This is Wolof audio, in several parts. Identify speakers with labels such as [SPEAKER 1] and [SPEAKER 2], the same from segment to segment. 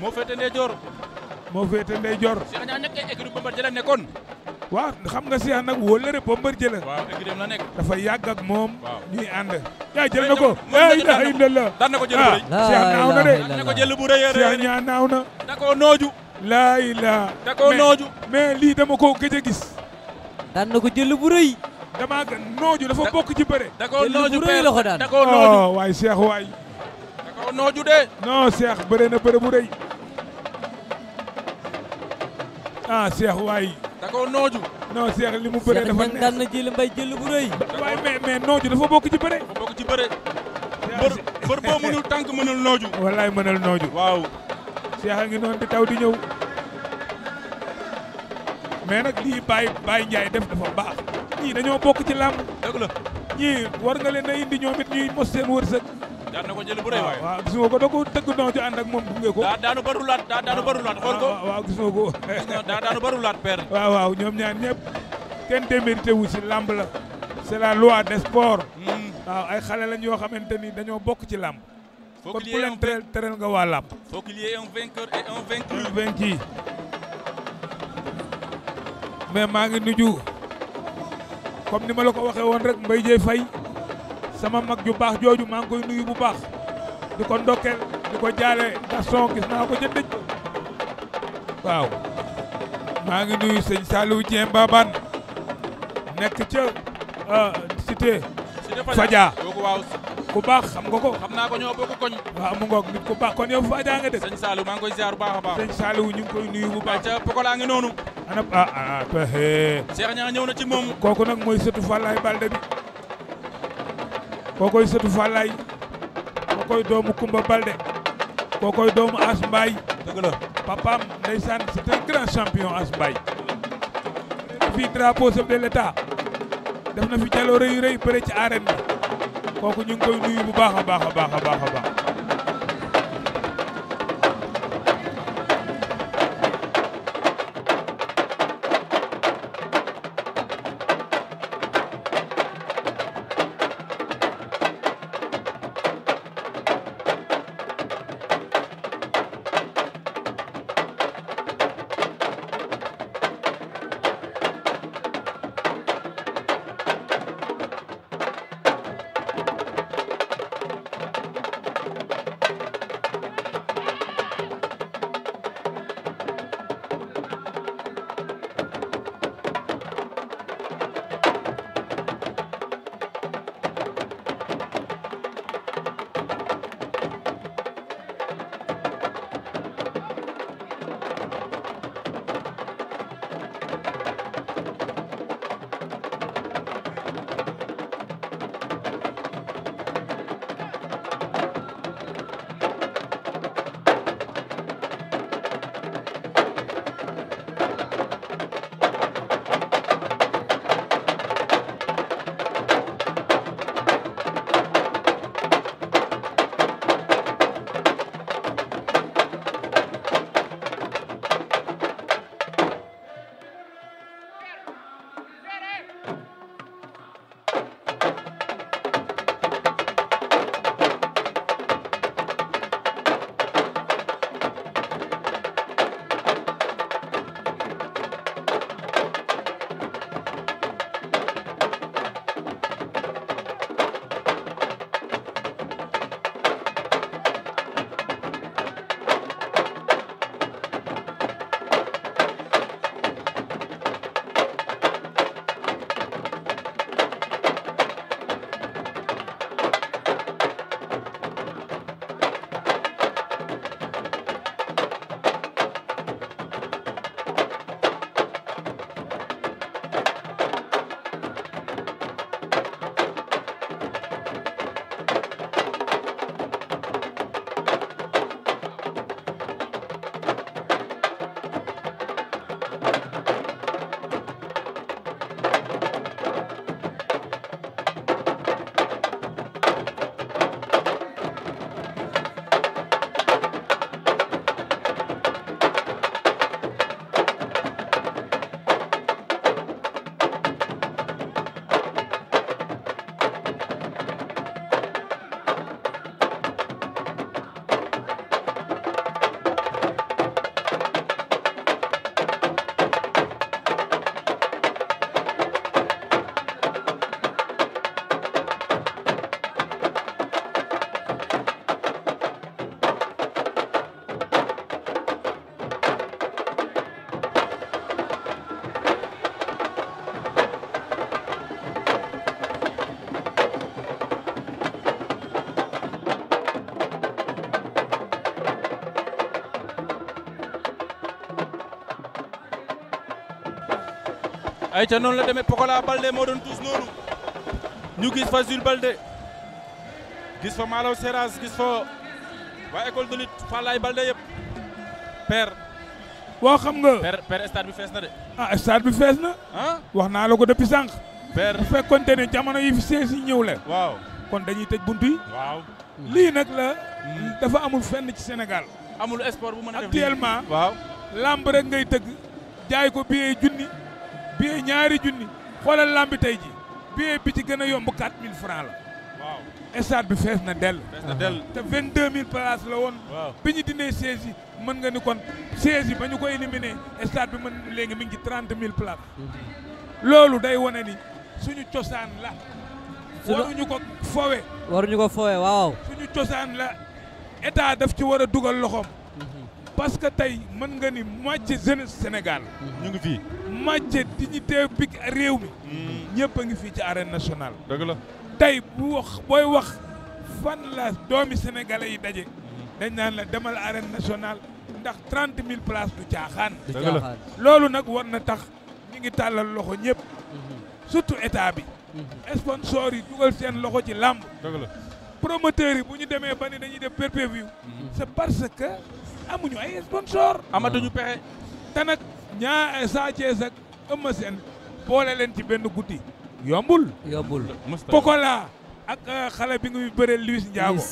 [SPEAKER 1] moo féete ndey joor moo féete ndey joor Cheikh Niang nekk ay écurie Bombardier la nekkoon waaw xam nga Cheikh nag wóolare Bombardier la waaw écurie la nekk dafa yàgg ak moom ñuy ànd yaa jël na ko la ilaha illallah daan na ko jël bu ah, rëy Cheikh naaw na de daan na ko jël bu rëy Cheikh Niang naaw na da koo nooju laa ilaha da koo nooju mais lii dama ko gëj a gis daan na ko jël bu rëy dama nooju dafa bokk ci bëre da koo nooju da koo nooju oh, waaye Cheikh waay nooju de. non Cheikh bëre na bëre bu rëy. ah Cheikh waay. da koo nooju. non Cheikh li mu bëree dafa neex Cheikh daan na jëli mbay jëli bu rëy. waay mais mais nooju dafa bokk ci bëre. dafa bokk ci bëre. bër bër boo mënul tànk mënul nooju. wallaay mënul nooju. waaw. seex a ngi noonu di taw di ñëw. mais nag lii Baye Baye Ndiaye def dafa baax. ñii dañoo bokk ci làmb. dëgg ñii war nga leen a indi ñoom ñuy mos seen wërsëg. daan na ko jël bu rëy waaye waaw gis nga ko da tëgg doon ci moom gunge ko waaw waaw ñoom ñaar ñëpp kenn démérité wu làmb la c'est la loi des sports hmm. waaw ay xale lañ yoo xamante ni dañoo bokk ci làmb kon ku leen tëral nga waa làmb faut mais maa ngi nuju comme ni ma la ko waxee woon rek Mbaye Dieye Faye sama mag ju baax jooju maa ngi koy nuyu bu baax di ko ndokkeel di ko jaale Gaston gis naa ko ca dëj waaw maa ngi nuyu sëñ Saliou Dieng Babane nekk ca euh, cité Fadia ku baax xam nga ko. xam naa ko ñoo bokk koñ. waaw mu ngoog nit ku baax kon yow Fadia nga dëkk. sëñ Saliou baax a baax. sëñ Saliou ñu nuyu bu baax. noonu. ana ah, ah ah pexe. Cheikh Niang ñëw na ci moom. kooku nag mooy sëtu Fallaye Balde kookoy sëtu Fallaye kookoy doomu Kumba Balde kookoy doomu As Mbaye dëgg la papaam ndeysaan c'est un grand champion As Mbaye def fi drapeau chef def na fi jaloore yu rëy bëre ci arène bi kooku ñu ngi koy nuyu bu baax a baax a baax a baax a ay ca noonu la demee Pokola Balde moo doon tuus noonu ñu gis fa Jules Balde gis fa Malaw Seras gis fa waa école de lutte Fallaye Balde yëpp père. waaw xam nga. père père stade bi fees na de. ah stade wax naa la ko depuis sànq. père bu fekkonte ne jamono yi fi sees yi ñëw la. waaw kon dañuy tëj bunt yi. waaw lii nag la. Hmm. dafa amul fenn ci Sénégal. amul sport bu mën a def actuellement. waaw lamb rek ngay tëgg jaay ko billet junni. billet ñaari junni xoolal lambi tey ji billet bi ci gën a yomb 4000 francs la. waaw stade bi fees na dell. fees na dell te 22000 places la woon. waaw bi ñu dindee siège yi mën nga ni kon siège ba ñu ko éliminé stade bi mën léegi mi ngi ci 30000 places. Mm-hmm. loolu day wane ni suñu cosaan la. waruñu ko fowe waruñu ko fowe waaw. suñu cosaan la état daf ci war a dugal loxoom. parce que tey mën nga ni moitié jeunesse Sénégal. ñu ngi fii. moitié dignité bi réew mi. Mm. ñëpp a ngi fii ci arène national dëgg la tey bu wax booy wax fan la doomi sénégalais yi daje. dañ naan la demal arène national ndax trente mille places du caaxaan. dëgg loolu nag war na tax ñu ngi tàllal loxo ñëpp. Mm-hmm. surtout état bi. Mm-hmm. sponsors yi dugal seen loxo ci làmb. dëgg la promoteurs yi bu ñu demee ba ni dañuy def pay-per-view. Mm-hmm. parce que. amuñu ay sponsor amatuñu ah. pexe te nag ñaa Sa Thiès boole leen ci benn guddi yombul yombul Pokola ak euh, xale bi ngi bëree Luis Ndiago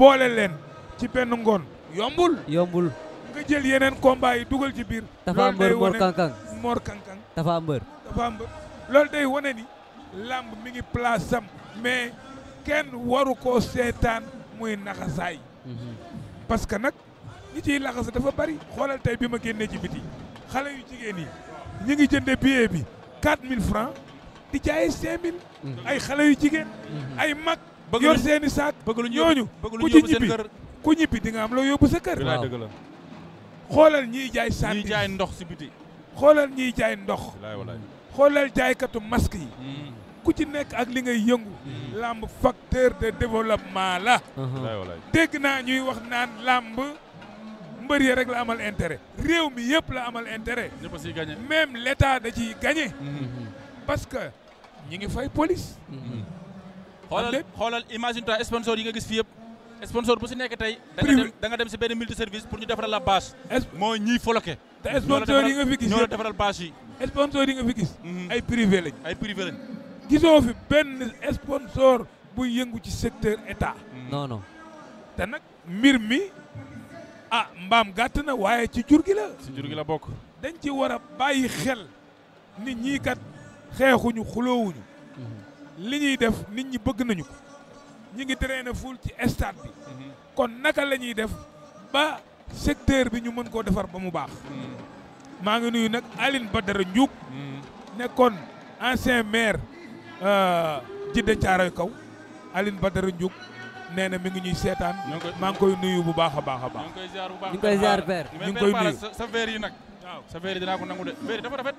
[SPEAKER 1] boole leen ci benn ngoon yombul yombul nga jël yeneen combat yi dugal ci biir dafa mbër Mor dafa mbër loolu day wane ni lamb mi ngi place sam mais kenn waru koo seetaan muy naxasaay mhm. parce que li ciy laxas dafa bari xoolal tey bi ma génnee ci biti xale yu jigéen yi ñu ngi jënde billet bi 4000 francs di jaayee 5000. Mhm. ay xale yu jigéen. Mhm. ay mag yor seen i saak. bëgg lu ñooñu ku ci ñibbi ku ñibbi di nga am loo yóbbu sa kër. waaw dëgg xoolal ñiy jaay sànni ñiy jaay ndox si biti. xoolal ñiy jaay ndox. xoolal jaaykatu masque yi. Mhm. ku ci nekk ak li ngay yëngu. làmb facteur de développement la. dégg naa ñuy wax naan làmb. mbër yi rek la amal intérêt réew mi yëpp la amal intérêt même l'état da ciy gagné mhm. parce que ñi ngi fay police mhm. xoolal xoolal imagine toi sponsor yi nga gis fi yëpp sponsor bu si nekk tey da nga dem si benn multi service pour ñu defaral la bâche mooy ñiy foloke te sponsor yi nga fi gis ñoo la defaral bâche yi sponsor yi nga fi gis mhm. ay privé ay privé gisoo fi benn sponsor buy yëngu ci secteur état non te nag mbir mi ah mbaam gàtt na waaye ci jur gi la. ci la bokk. dañ ci war a bàyyi xel nit ñii kat xeexuñu xuloowuñu mm-hmm. li ñuy def nit ñi bëgg nañu ko. ñi ngi traîner ful ci stade bi. Mm-hmm. kon naka la ñuy def ba secteur bi ñu mën koo defar ba mu baax. Mm-hmm. maa ngi nuyu nag Aline Badara Ndiouk. nekkoon ancien maire euh, Djiddah Thiaroye Kaw Aline Badara Ndiouk. nee na mi ngi ñuy seetaan. maa ngi koy nuyu bu baax a baax a baax. ñu ngi koy ziar bu ngi koy ziar sa verre yi nag. waaw dafa rafet.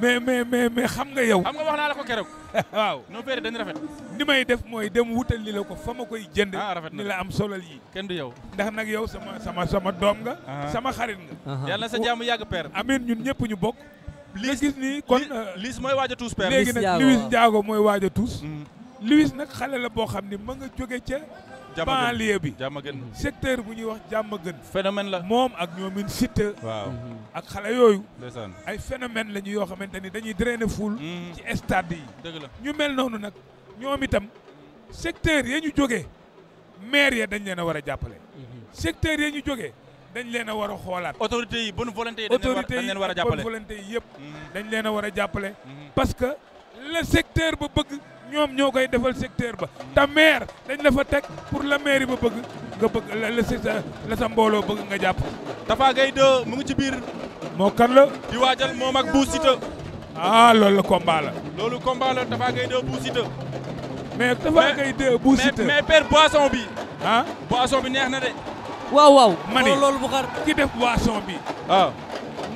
[SPEAKER 1] mais mais mais mais xam nga yow. xam nga wax naa la ko keroog. waaw non verre dañu rafet. ni may def mooy dem wutal li la ko fa ma koy jënd. ah rafet na ni la am solal yi. kenn du yow. ndax nag yow sama sama sama doom nga. Ah. sama xarit nga. Uh-huh. yàlla na sa jàmm yàgg père. amiin ñun ñëpp ñu bokk. liis gis ni kon euh, liis mooy waaj a tuus père. léegi nag liis Ndiago mooy waaja a tuus mm. Luis nag xale la boo xam ni ma nga jóge ca. banlieue bi secteur bu ñuy wax jàmm gën. la moom ak ñoom in site. waaw ak xale yooyu. ay phénomène la ñu yoo xamante ni dañuy drainer foule. Mm. ci stade yi. dëgg la ñu mel noonu nag ñoom itam secteur ya ñu jóge maire ya dañ leen a war a jàppale. Mm-hmm. secteur ya ñu jógee dañ leen a war a xoolaat. autorités yi bonne volonté yi dañ leen war a jàppale autorités yi yëpp. Mm. dañ leen a war a jàppale. Mm-hmm. parce que le secteur ba bëgg. ñoom ñoo koy defal secteur ba te maire dañ la fa teg pour la mairie ba bëgg nga bëgg la sa mbooloo bëgg nga jàpp. Tafa Gueye 2 mu ngi ci biir. moo kan la. di waajal moom ak Bou Siteu. Ah, loolu la combat la. loolu combat la Tafa Gueye 2 Bou Siteu. mais Tafa Gueye 2 bi. ah boisson bi neex na de. waaw waaw. ma ne loolu bu xar ki def boisson bi. waaw. Ah.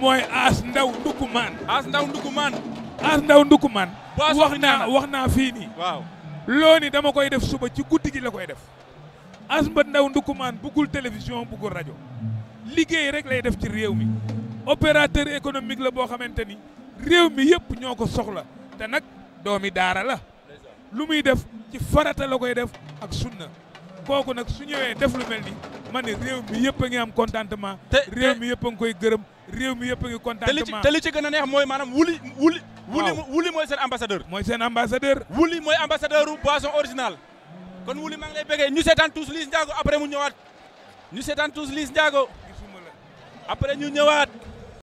[SPEAKER 1] mooy As Ndaw Ndukumaan. As Ndaw Ndukumaan. as ndaw ndukumaan wax naa wax naa fii nii waaw loo ni dama koy def suba ci guddi gi la koy def as mba ndaw ndukumaan bëggul télévision bëggul rajo liggéey rek lay def ci réew mi opérateur économique la boo xamante ni réew mi yëpp ñoo ko soxla te nag doomi daara la lu muy def ci farata la koy def ak sunna kooku nag su ñëwee def lu mel ni ma ne réew mi yëpp a ngi am contentement réew mi yëpp a ngi koy gërëm réew mi yëpp a ngi contentement te li ci gën mooy maanaam wuli wuli wuli wuli mooy seen ambassadeur. mooy seen ambassadeur. wuli mooy ambassadeur boisson original. kon wuli maa ngi lay bëggee ñu seetaan tous Liss Ndiago après mu ñëwaat ñu seetaan tous Liss Ndiago après ñu ñëwaat.